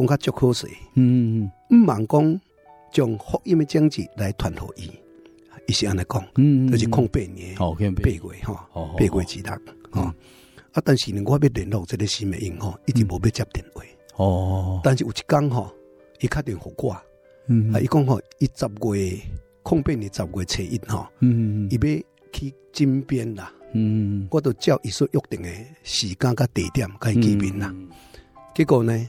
講較足可食，毋盲講將福音的章節嚟團互伊，伊是安嚟講，都是空八年，好，八月哈，八月之日，啊，但是呢，我要聯絡這個新的因，嗬，一直冇要接電話，哦，但是有一工，嗬，伊確定互我，啊，伊講嗬，十月，空八年十月初一，嗬，嗯要去金邊啦，嗯我都照伊所約定的時間甲地點喺見面啦，結果呢？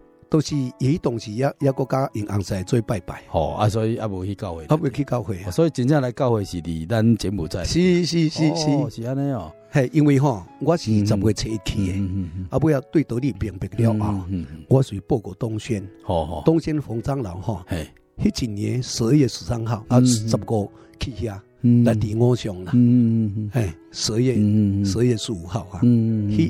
都是伊當時一一個家銀行社做拜拜，啊，所以阿冇去教會，阿冇去教會，所以真正來教會是嚟咱柬埔寨，是是是是是咁樣，係因為吼我是十月初去嘅，啊不要對道理辨別了啊，我係報告東宣，東宣馮長老，嗬，迄一年十月十三號啊，十五去下，來第五場啦，嘿，十月十月十五號啊，嗯。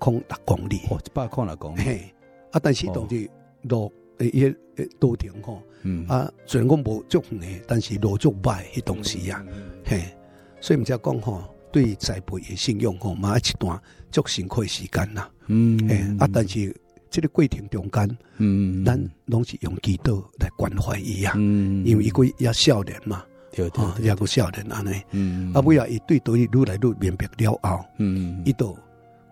空六公里，一百公里，嘿，啊！但是同時路一多停，嗬，啊，雖然講冇足你，但是路足䆀，啲東西呀，嘿，所以唔只講嗬，對於栽培嘅信用，嗬，愛一段足辛苦時間啦，嗯，嘿，啊，但是，即個過程中間，嗯，咱攏是用祈禱嚟關懷佢啊，因為伊遐少年嘛，對對，伊遐佫少年，安尼，嗯，啊，尾後對對，愈來愈明白了，嗯，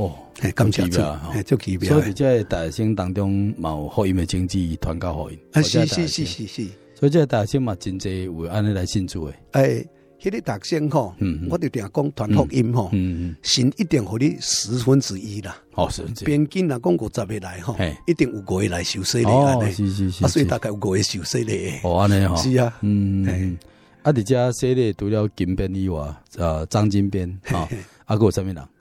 哦，係咁級別，係咁奇妙。所以即係大學生當中有福音嘅政治團購福音。係是是是是。所以即係大學生嘛，真濟有安尼嚟信主嘅。誒，迄啲大學生嗯，我哋點講團福音嗯，神一定互你十分之一啦。哦，十分之一。邊境啊，廣告特別嚟一定有五個嚟受洗禮安尼。是是是。啊，所以大概有五個受洗禮嚟。哦，安尼啊，是啊，嗯，啊，啲家洗禮除了金邊以外，啊，張金邊啊，啊，擱有甚物啦。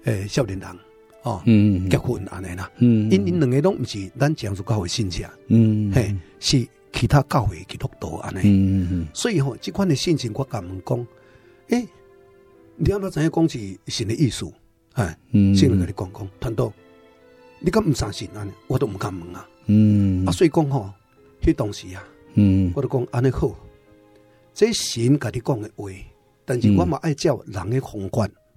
誒、欸，少年人哦，結婚安尼啦，因因兩個攏唔是咱漳州教會信教，嘿、嗯，是其他教會基督徒安尼，嗯嗯、所以吼、哦，這款嘅信息我敢問講，誒、欸，你安怎知影講是神嘅意思？哎，先甲、嗯、你講講，反倒，你敢唔相信安尼？我都唔敢問啊。嗯，啊，所以講吼、哦，迄當時啊，嗯，我都講安尼好，這神甲你講嘅話，但是我嘛愛照人嘅宏觀。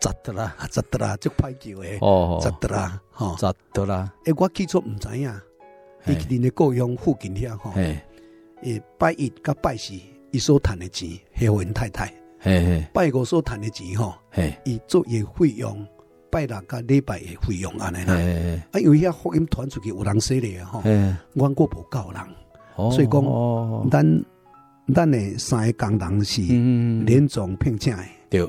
扎得啦，扎得啦，即派叫嘅，扎得啦，吼扎得啦。誒，我起初唔知呀，你哋嘅故鄉附近遐吼，誒，拜一甲拜四，伊所賺嘅錢係穩太太，拜五所賺嘅錢，吼，誒，伊做嘅費用，拜六甲禮拜嘅費用安尼啦，誒誒，因為遐福音傳出去有人洗你吼，哈，阮過唔夠人，所以講，咱咱嘅三個工人是聯總聘請嘅，對。